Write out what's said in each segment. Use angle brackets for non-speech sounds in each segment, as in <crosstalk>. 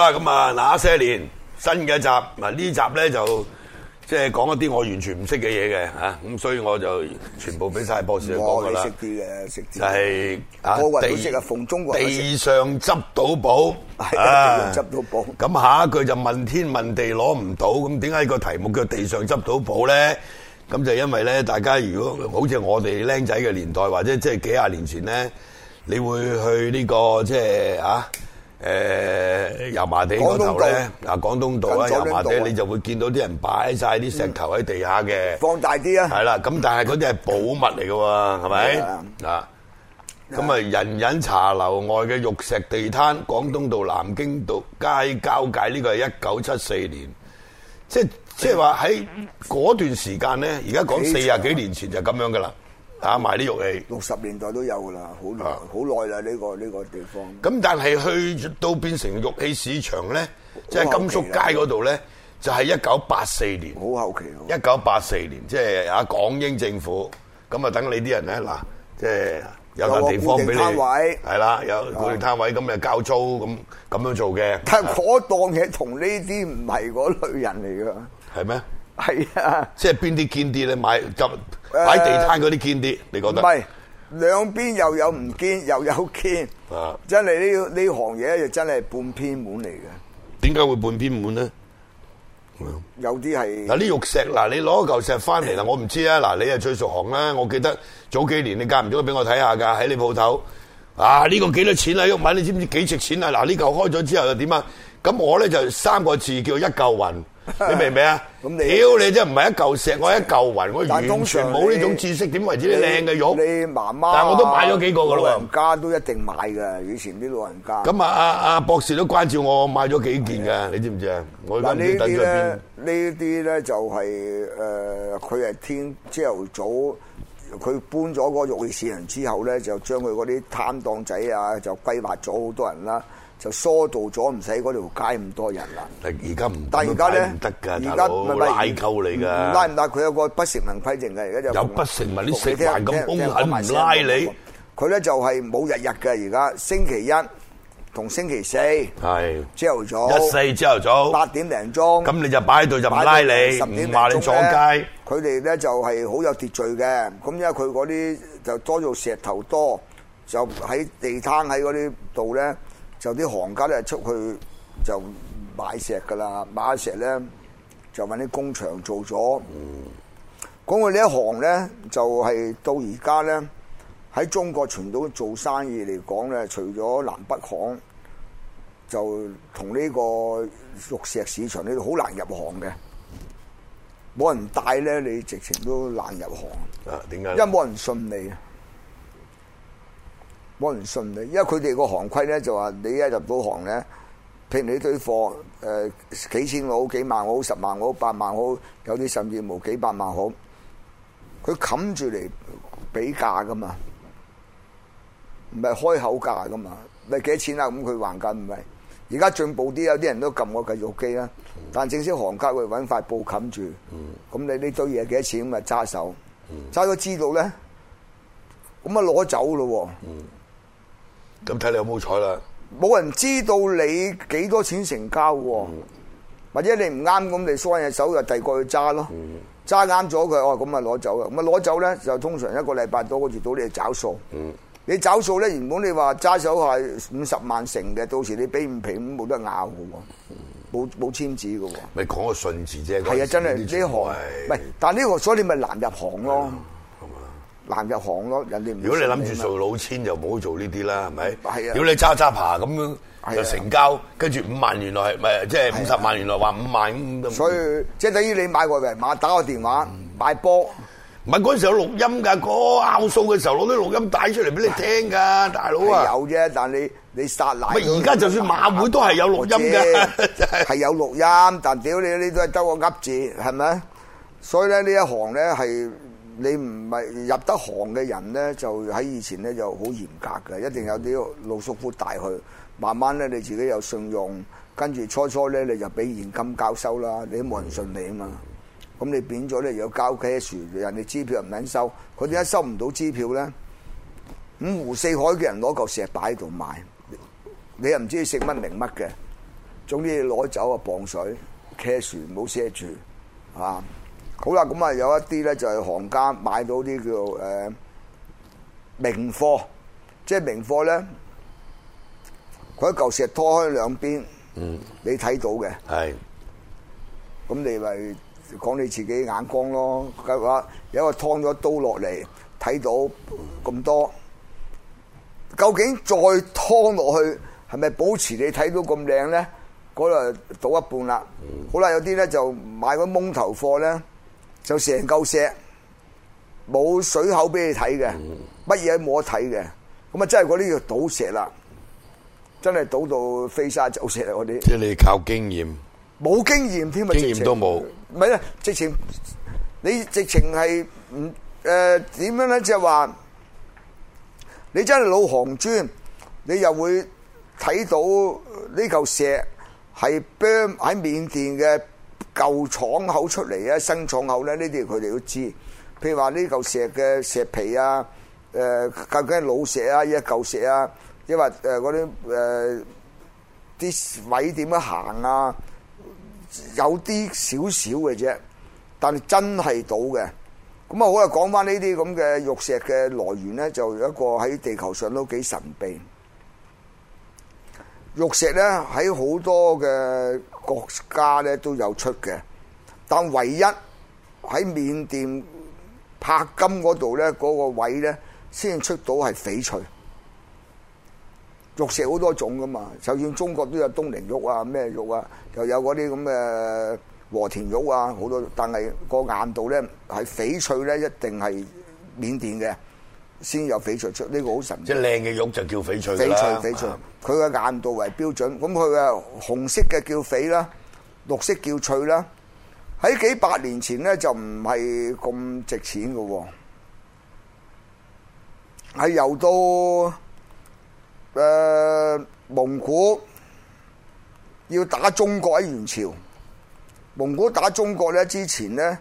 啦咁啊，那些年新嘅一集，嗱呢集咧就即係講一啲我完全唔識嘅嘢嘅吓，咁所以我就全部俾晒博士講噶啦。我識啲嘅，識。就係啊，地識啊，逢中地上執到寶，係啊，執到寶。咁下一句就問天問地攞唔到，咁點解個題目叫地上執到寶咧？咁就因為咧，大家如果好似我哋僆仔嘅年代，或者即係幾廿年前咧，你會去呢個即係啊？誒油麻地嗰頭咧，嗱廣東道啊，油麻地你就會見到啲人擺晒啲石頭喺地下嘅。放大啲啊！係啦，咁但係嗰啲係寶物嚟㗎喎，係咪？啊，咁啊，人飲茶樓外嘅玉石地攤，廣東道、南京道街交界呢，呢個係一九七四年，即即係話喺嗰段時間咧，而家講四廿幾年前就咁樣㗎啦。打埋啲玉器，六十年代都有噶啦，好耐好耐啦呢個呢個地方。咁但係去到變成玉器市場咧，即係甘肅街嗰度咧，就係一九八四年。好後期啊！一九八四年，即係啊港英政府，咁啊等你啲人咧嗱，即係有笪地方俾你，係啦有固定攤位，咁啊交租咁咁樣做嘅。但係嗰檔嘢同呢啲唔係嗰類人嚟噶，係咩？係啊！即係邊啲堅啲咧買？就擺地攤嗰啲堅啲，你覺得？唔係兩邊又有唔堅，又有堅，啊、真係呢呢行嘢就真係半偏滿嚟嘅。點解會半偏滿咧？有啲係嗱啲玉石，嗱你攞嚿石返嚟啦，我唔知啊。嗱你係最熟行啦，我記得早幾年你間唔中俾我睇下噶，喺你鋪頭啊呢個幾多錢啊？玉品你知唔知幾值錢啊？嗱呢嚿開咗之後又點啊？咁我咧就三個字叫一嚿雲。你明唔明啊？屌你真係唔係一嚿石，我一嚿雲，我完全冇呢種知識，點為之靚嘅玉？你媽媽，但係我都買咗幾個噶啦。老人家都一定買嘅，以前啲老人家。咁啊，阿阿博士都關照我，買咗幾件嘅，你知唔知啊？我而家唔知等咗邊。呢啲咧，呢啲咧就係誒，佢係天朝早，佢搬咗嗰玉器市場之後咧，就將佢嗰啲攤檔仔啊，就規劃咗好多人啦。就疏導咗，唔使嗰條街咁多人啦。但係而家唔，但係而家咧，得㗎，大佬，拉鳩嚟㗎。拉唔拉？佢有個不成文規定嚟嘅。有不成文啲石頭咁擁，咁拉你。佢咧就係冇日日嘅，而家星期一同星期四。係朝頭早，一四朝頭早八點零鐘。咁你就擺喺度就拉你，唔話你坐街。佢哋咧就係好有秩序嘅。咁因為佢嗰啲就多咗石頭多，就喺地攤喺嗰啲度咧。就啲行家咧出去就買石噶啦，買石咧就揾啲工場做咗。講到呢一行咧，就係到而家咧喺中國傳統做生意嚟講咧，除咗南北行，就同呢個玉石市場你好難入行嘅，冇人帶咧，你直情都難入行。啊，點解？因為冇人信你啊。冇人信你，因為佢哋個行規咧就話：你一入到行咧，譬如你堆貨，誒、呃、幾千好，幾萬好，十萬好，八萬好，有啲甚至無幾百萬好。佢冚住嚟畀價噶嘛，唔係開口價噶嘛，咪幾多錢啊？咁佢還價唔係。而家進步啲，有啲人都撳我計數機啦。但正式行家會揾塊布冚住。嗯。咁你堆、嗯、呢堆嘢幾多錢咁啊？揸手揸咗知道咧，咁啊攞走咯喎。咁睇你有冇彩啦？冇人知道你幾多錢成交喎、啊，嗯、或者你唔啱咁，你翻隻手就遞過去揸咯、啊嗯，揸啱咗佢哦，咁咪攞走啊！咁啊攞走咧就通常一個禮拜多嗰時到你去找數。嗯、你找數咧原本你話揸手係五十萬成嘅，到時你俾唔平咁冇得拗嘅喎，冇冇簽字嘅喎。咪講個信字啫，係啊，啊，真係呢行，唔係，但呢行所以你咪難入行咯。行行難入行咯，人哋如果你諗住做老千就唔好做呢啲啦，係咪？係啊！如果你揸揸爬咁，又成交，跟住五萬原來係咪？即係五十萬原來話五萬咁。所以即係等於你買個遺馬打個電話買波，唔係嗰陣時有錄音㗎，嗰拗數嘅時候攞啲錄音帶出嚟俾你聽㗎，大佬啊！有啫，但係你你殺奶。而家就算馬會都係有錄音㗎，係有錄音，但屌你，你都係得個噏字，係咪？所以咧呢一行咧係。你唔係入得行嘅人咧，就喺以前咧就好嚴格嘅，一定有啲老叔父帶佢。慢慢咧，你自己有信用，跟住初初咧你就俾現金交收啦。你都冇人信你啊嘛，咁你變咗咧要交 cash，人哋支票又唔肯收。佢哋一收唔到支票咧，五湖四海嘅人攞嚿石擺喺度賣，你又唔知你姓乜名乜嘅，總之攞走啊磅水 cash 唔好賒住，係好啦，咁啊有一啲咧就係行家買到啲叫做誒明貨，即係明貨咧，佢一嚿石拖開兩邊，嗯，你睇到嘅，係，咁你咪講你自己眼光咯，計話有一個劏咗刀落嚟，睇到咁多，究竟再劏落去係咪保持你睇到咁靚咧？嗰度賭一半啦，好啦，有啲咧就買個蒙頭貨咧。就成嚿石，冇水口俾你睇嘅，乜嘢都冇得睇嘅。咁啊，真係嗰啲叫賭石啦，真係賭到飛沙走石啊！嗰啲即係你靠經驗，冇經驗添啊！經驗都冇，唔係啊！直情你直情係唔誒點樣咧？即係話你真係老行尊，你又會睇到呢嚿石係喺緬甸嘅。舊廠口出嚟啊，新廠口咧，呢啲佢哋都知。譬如話呢嚿石嘅石皮啊，誒，究竟係老石啊，亦係舊石啊？亦或誒嗰啲誒啲位點樣行啊？有啲少少嘅啫，但係真係到嘅。咁啊，好啦，講翻呢啲咁嘅玉石嘅來源咧，就有一個喺地球上都幾神秘。玉石咧喺好多嘅。國家咧都有出嘅，但唯一喺緬甸柏金嗰度咧，嗰個位咧先出到係翡翠。玉石好多種㗎嘛，就算中國都有東陵玉啊咩玉啊，又有嗰啲咁嘅和田玉啊好多，但係個硬度咧係翡翠咧一定係緬甸嘅。先有翡翠出，呢個好神奇。即係靚嘅玉就叫翡翠啦。翡翠翡翠，佢嘅硬度為標準。咁佢嘅紅色嘅叫翡啦，綠色叫翠啦。喺幾百年前咧就唔係咁值錢噶，係由到誒蒙古要打中國喺元朝，蒙古打中國咧之前咧，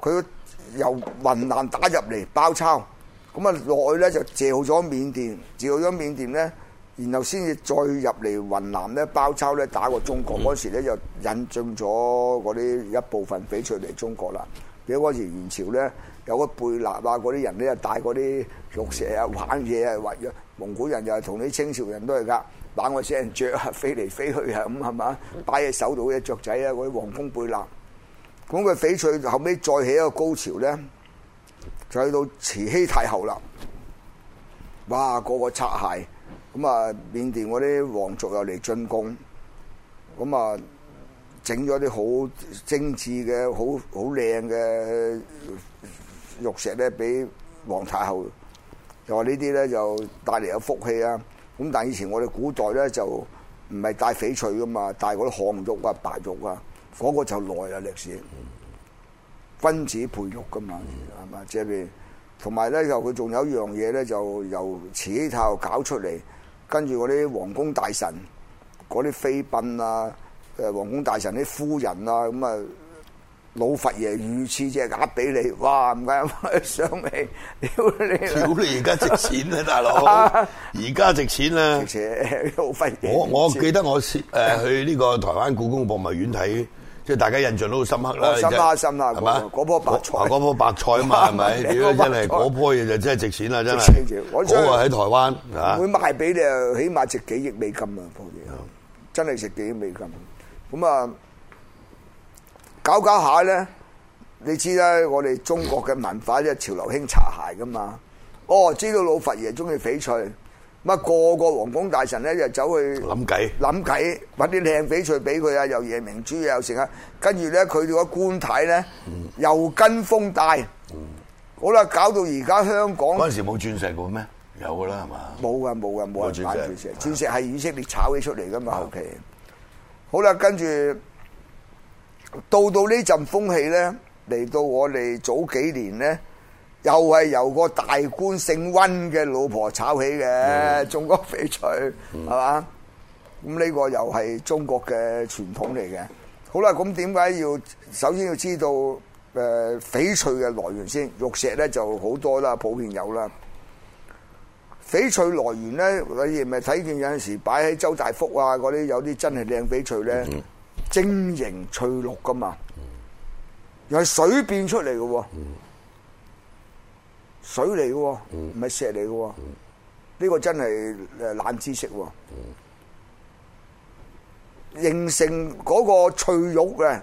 佢由雲南打入嚟包抄。咁啊落去咧就借好咗緬甸，借好咗緬甸咧，然後先至再入嚟雲南咧包抄咧打過中國嗰時咧，就引進咗嗰啲一部分翡翠嚟中國啦。咁嗰時元朝咧有個貝勒啊，嗰啲人咧就帶嗰啲玉石啊、玩嘢啊、或者蒙古人又係同啲清朝人都係㗎，玩嗰些人著啊飛嚟飛去啊咁係嘛，擺喺手度嘅雀仔啊嗰啲黃蜂貝勒。咁個翡翠後尾再起一個高潮咧。就去到慈禧太后啦，哇！個個擦鞋，咁啊，緬甸嗰啲皇族又嚟進貢，咁、嗯、啊，整咗啲好精緻嘅、好好靚嘅玉石咧，俾皇太后，就話呢啲咧就帶嚟有福氣啊。咁但係以前我哋古代咧就唔係戴翡翠噶嘛，戴嗰啲漢玉啊、白玉啊，嗰、那個就耐啊歷史。君子培育噶嘛，係嘛、嗯？即係、嗯，同埋咧又佢仲有一樣嘢咧，就由此頭搞出嚟，跟住嗰啲皇宮大臣，嗰啲妃嬪啊，誒皇宮大臣啲夫人啊，咁啊，老佛爺御賜即係壓俾你，哇！唔怪得上嚟，屌你！屌你而家值錢啊，大佬！而家 <laughs> 值錢啦、啊，老佛爺，我我記得我誒去呢個台灣故宮博物院睇。 <laughs> 即係大家印象都好深刻啦，深啦深啦，係嘛？嗰棵白菜，嗰 <laughs> 棵白菜啊嘛，係咪？ <laughs> 如果 <laughs> <laughs> 真係嗰棵嘢就真係值錢啦，錢真係的。嗰個喺台灣，嚇，會賣俾你啊，起碼值幾億美金啊，棵嘢，真係值幾億美金。咁啊，搞搞下咧，你知啦，我哋中國嘅文化即係潮流興茶鞋噶嘛。哦，知道老佛爺中意翡翠。不過個個皇宮大臣咧就走去諗計，諗計揾啲靚翡翠俾佢啊，又夜明珠又成啊，跟住咧佢哋個官太咧又跟風帶，好啦，搞到而家香港嗰陣時冇鑽石嘅咩？有嘅啦，係嘛？冇嘅，冇嘅，冇人買鑽石，鑽石係以色列炒起出嚟噶嘛，後期好啦，跟住到到呢陣風氣咧，嚟到我哋早幾年咧。又係由個大官姓溫嘅老婆炒起嘅，中國翡翠，係嘛？咁呢個又係中國嘅傳統嚟嘅。好啦，咁點解要？首先要知道誒翡翠嘅來源先。玉石咧就好多啦，普遍有啦。翡翠來源咧，你係咪睇見有陣時擺喺周大福啊嗰啲，有啲真係靚翡翠咧，晶瑩翠綠噶嘛，又係水變出嚟嘅喎。水嚟嘅，唔係石嚟嘅，呢個真係誒冷知識喎，形成嗰個翠玉嘅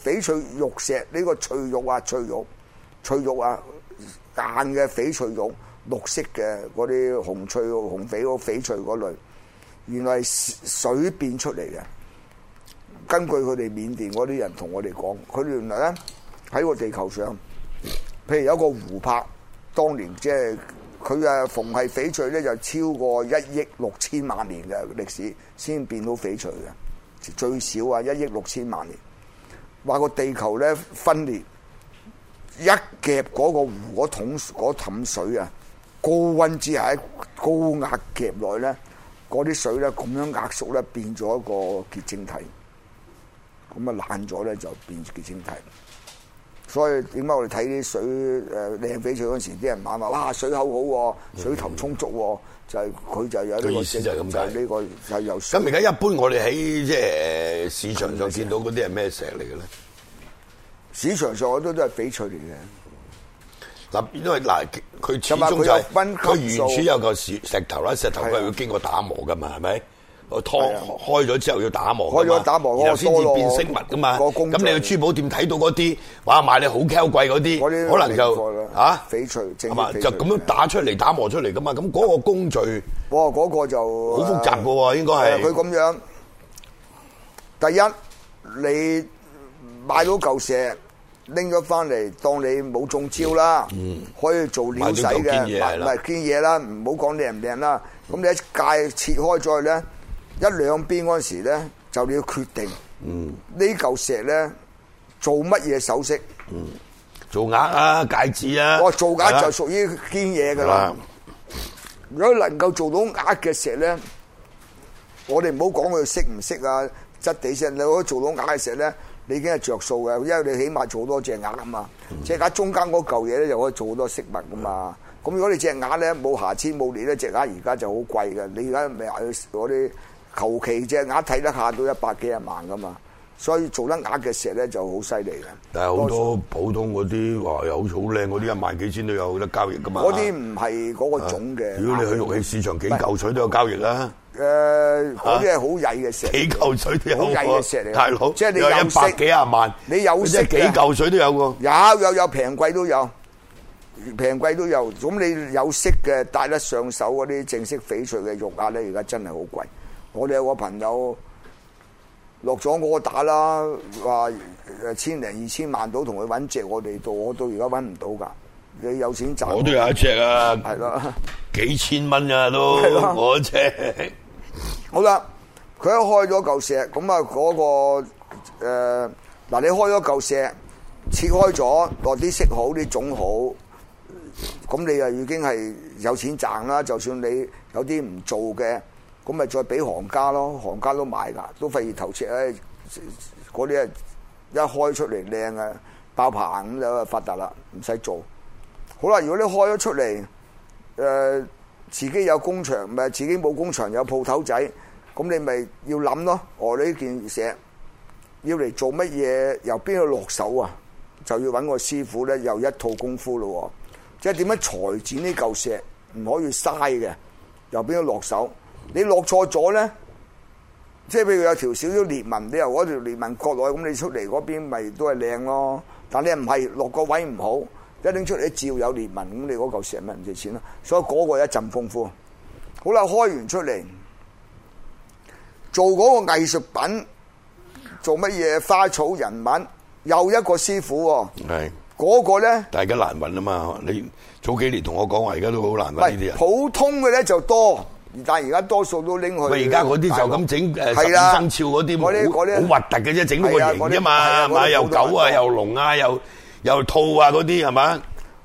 翡翠玉石，呢個翠玉啊，翠玉，翠玉啊，硬嘅翡翠玉，綠色嘅嗰啲紅翠、紅翡、翡翠嗰類，原來係水變出嚟嘅。根據佢哋緬甸嗰啲人同我哋講，佢哋原來咧喺個地球上，譬如有個湖泊。當年即係佢啊，逢係翡翠咧，就超過一億六千萬年嘅歷史先變到翡翠嘅，最少啊一億六千萬年。話個地球咧分裂，一夾嗰個湖嗰桶嗰氹水啊，高溫之下喺高壓夾內咧，嗰啲水咧咁樣壓縮咧變咗一個結晶體，咁啊爛咗咧就變結晶體。所以點解我哋睇啲水誒靚翡翠嗰陣時，啲人買話哇水口好，水頭充足，嗯、就係、係、佢就有呢、呢個意思就就、這個。就呢個係有咁，而家一般我哋喺即係市場上見到嗰啲係咩石嚟嘅咧？市場上我都都係翡翠嚟嘅。嗱，因為嗱，佢、呃、始終就係、分佢原始有個石石頭啦，石頭佢係會經過打磨噶嘛，係咪的？燙開咗之後要打磨，開咗打磨，然後先至變色物噶嘛。咁你去珠寶店睇到嗰啲，哇，賣你好 Q 貴嗰啲，可能就啊，翡翠係嘛，就咁樣打出嚟打磨出嚟噶嘛。咁嗰個工序，哇，嗰個就好複雜噶喎，應該係佢咁樣。第一，你買到舊石拎咗翻嚟，當你冇中招啦，可以做料使嘅，唔係堅嘢啦，唔好講靚唔靚啦。咁你一戒，切開咗咧。一兩邊嗰時咧，就你要決定、嗯、呢嚿石咧做乜嘢首飾？嗯，做鈪啊，戒指啊。我、哦、做鈪就屬於堅嘢噶啦。嗯嗯、如果能夠做到鈪嘅石咧，我哋唔好講佢色唔色啊，質地先。你可以做到鈪嘅石咧，你已經係着數嘅，因為你起碼做好多隻鈪啊嘛。即係、嗯、中間嗰嚿嘢咧，又可以做好多飾物噶嘛。咁、嗯嗯、如果你隻鈪咧冇瑕疵冇裂咧，隻鈪而家就好貴嘅。你而家咪嗰啲。現在 求其隻鴨睇得下到一百幾廿萬噶嘛，所以做得鴨嘅石咧就好犀利嘅。但係好多普通嗰啲話有好靚嗰啲，一萬幾千都有得交易噶嘛。嗰啲唔係嗰個種嘅。如果你去玉器市場，幾嚿水都有交易啦。誒，嗰啲係好曳嘅石。幾嚿水都有交易啦。誒，嗰啲係好曳嘅石。幾嚿水都有交易啦。係好。即係你有色，有百幾廿萬。你有色，即係幾嚿水都有喎。有有有，平貴都有，平貴都有。咁你有色嘅帶得上手嗰啲正式翡翠嘅玉鴨咧，而家真係好貴。我哋有個朋友落咗我打啦，話千零二千萬到，同佢搵隻，我哋到我到而家搵唔到㗎。你有錢賺，我都有一隻啊。係咯 <laughs> 的，幾千蚊啊都，的我只。 <laughs> 好啦，佢一開咗嚿石，咁啊嗰個誒，嗱、呃、你開咗嚿石，切開咗，落啲色好啲種好，咁你啊已經係有錢賺啦。就算你有啲唔做嘅。咁咪再俾行家咯，行家都買㗎，都費力投切誒，嗰、哎、啲一開出嚟靚啊，爆棚咁就發達啦，唔使做。好啦，如果你開咗出嚟，誒、呃、自己有工場咪、呃，自己冇工場有鋪頭仔，咁你咪要諗咯。哦、啊，呢件石要嚟做乜嘢？由邊度落手啊？就要揾個師傅咧，又一套功夫咯。即係點樣裁剪呢嚿石，唔可以嘥嘅，由邊度落手？你落錯咗咧，即係譬如有條少少裂紋，你由攞條裂紋割落去，咁你出嚟嗰邊咪都係靚咯。但你唔係落個位唔好，一拎出嚟照有裂紋，咁你嗰嚿石咪唔值錢咯。所以嗰個一陣豐富，好啦，開完出嚟，做嗰個藝術品，做乜嘢花草人物，又一個師傅喎。係嗰是個咧，大家難揾啊嘛！你早幾年同我講話，而家都好難揾呢啲人。普通嘅咧就多。但係而家多數都拎去。咪而家嗰啲就咁整誒係啦，生肖嗰啲，嗰啲嗰啲好核突嘅啫，整個型啫嘛，係嘛？又狗啊，又龍啊，又又兔啊嗰啲係嘛？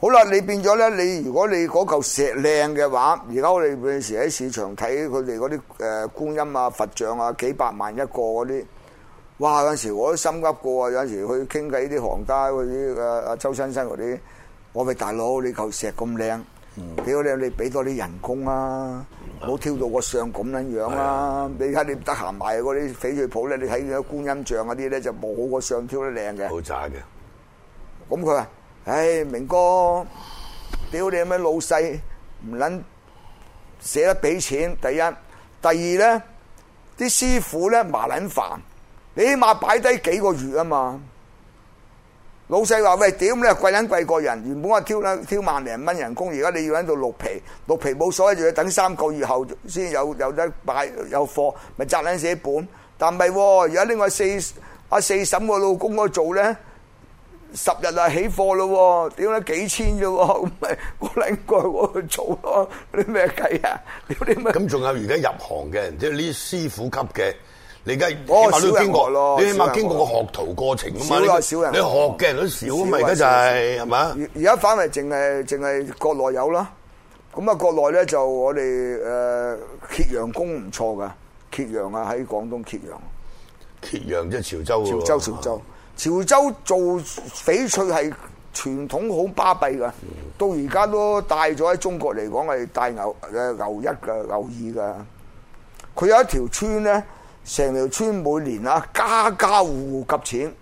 好啦，你變咗咧，你如果你嗰嚿石靚嘅話，而家我哋平時喺市場睇佢哋嗰啲誒觀音啊、佛像啊，幾百萬一個嗰啲，哇！有陣時我都心急過啊，有陣時去傾偈啲行家嗰啲誒阿周先生嗰啲，我話大佬你嚿石咁靚，幾靚，你俾多啲人工啊！唔好挑到個相咁撚樣啦，啊的！你睇你唔得閒買嗰啲翡翠鋪咧，你睇佢啲觀音像嗰啲咧，就冇好個相，挑得靚嘅。好渣嘅。咁佢話：，唉、哎，明哥，屌你咩老細，唔撚捨得俾錢。第一，第二咧，啲師傅咧麻撚煩，你起碼擺低幾個月啊嘛。老細話：喂，點咧貴撚貴過人？原本我挑挑萬零蚊人工，而家你要喺度六皮，六皮冇所謂，仲要等三個月後先有有得擺有貨，咪賺緊寫本。但唔係，而家呢個四阿四嬸個老公度做咧，十日啊起貨咯，點咧幾千啫喎？咁咪我領過我去做咯，啲咩計啊？咁仲有而家入行嘅，即係啲師傅級嘅。你起碼都要經過咯，你起碼經過個學徒過程噶嘛？你學嘅人都少啊嘛，而家就係係嘛？而而家反為淨係淨係國內有啦。咁啊，國內咧就我哋誒揭陽工唔錯噶，揭陽啊喺廣東揭陽。揭陽即係潮州潮州，潮州，潮州，潮州做翡翠係傳統好巴閉噶，嗯、到而家都大咗喺中國嚟講係大牛誒牛一噶牛，牛二噶。佢有一條村咧。成條村每年啊，家家戶戶夾錢，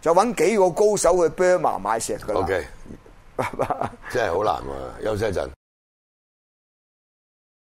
就揾幾個高手去 Burma 買石噶啦。O Okay . K， <laughs> 真係好難啊！休息一陣。